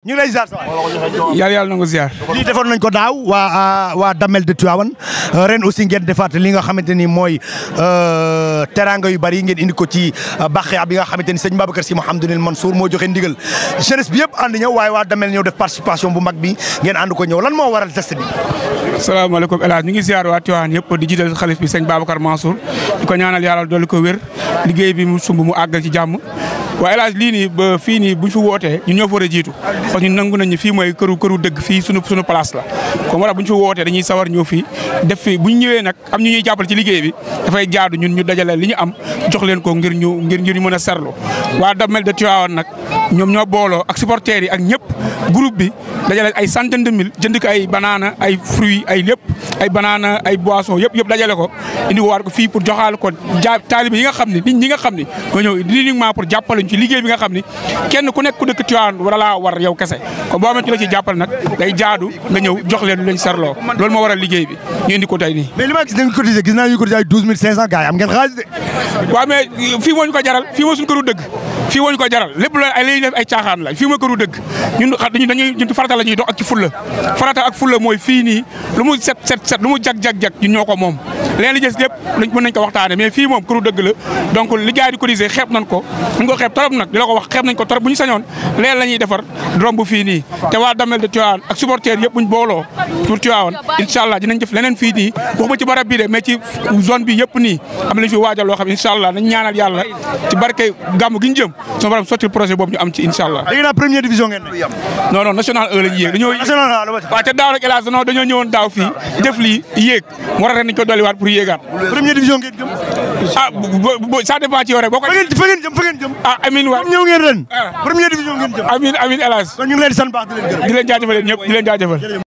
ñu lay ziar sa waay. yàlla yàlla na nga nañ ko daaw waa ah, waa Damel de Tivaouane euh, ren aussi ngeen defaat li nga xamante ni mooy euh, teraanga yu bari ngeen indi ko ci euh, bàqya bi nga xamante ni sëñ Babacar Sy Mouhamadoul Mansour moo joxe ndigal jeunesse bi yëpp ànd ñëw waaye waa Damel ñëw def participation bu mag bi ngeen ànd ko ñëw lan moo waral test bi. salaamaaleykum El Hadj ñu ngi ziar waa Tivaouane yëpp di jiital xalif bi sëñ Babacar Mansour di ko ñaanal yàlla dolli ko wér liggéey bi mu sumb mu àggal ci jàmm. waaye El lii nii ba fii nii bu ñu fi wootee ñu ñoo fa war a jiitu parce ñun nangu nañu fii mooy këru këru dëgg fii suñu suñu place la comme wala bu ñu fi wootee dañuy sawar ñëw fii def fii bu ñu ñëwee nag am ñu ñuy jàppale ci liggéey bi dafay jaadu ñun ñu dajale li ñu am jox ko ngir ñu ngir ngir ñu mën a serlu waa Damel de Tivaouane nag ñoom ñoo booloo ak supporters yi ak ñëpp groupe bi dajale ay centaine de mille jënd ko ay banaana ay fruits ay lépp ay banaana ay boisson yëpp yëpp dajale ko indi waat ko fii pour joxaal ko jaa taalibe yi nga xam ne nit ñi nga xam ne nga ñëw uniquement pour jàppale ñu ci liggéey bi nga xam ne kenn ku nekk ku dëkk Tiwaawan wala laa war yow kese kon boo amee ci la ci jàppale nag day jaadu nga ñëw jox leen lu leen sarloo loolu moo waral liggéey bi ñu indi ko tey nii mais li ma gis da nga cotisé gis naa ñu cotisé ay 12500 am ngeen xaalis de waaw fii moo ñu ko jaral fii moo suñu këru dëgg fii woñ ko jaral lépp la ay lay def ay caaxaan la fii mooy këru dëgg ñun dañuy ñun ñuy dox ak ci fulla farata ak fulla mooy fii nii lu mu set set set lu mu jag jag jag ñun ñoo ko moom leen li jës yëpp luñ mën nañ ko waxtaane mais fii moom këru dëgg la donc li gars yi di cotiser ko ñu ko xeeb torop nag di la ko wax xeeb nañ ko torop bu ñu sañoon leen la ñuy defar romb fii nii te waa damel de Tivaouane ak supporters yëpp booloo pour Tivaouane incha allah dinañ def leneen fii nii waxuma ci barab bi de ci zone bi yëpp nii am nañ fi waajal loo xam incha allah nañ ñaanal yàlla ci barke gàmmu gi ñu jëm sama borom sotti pour yéegaat. première division ngeen jëm. ah ça dépend ci yow rek boo ko. jëm ah amiin waay ñëw ngeen ren. Ah. première division ngeen jëm. amiin amiin El Hadj. leen di sant di leen gërëm. di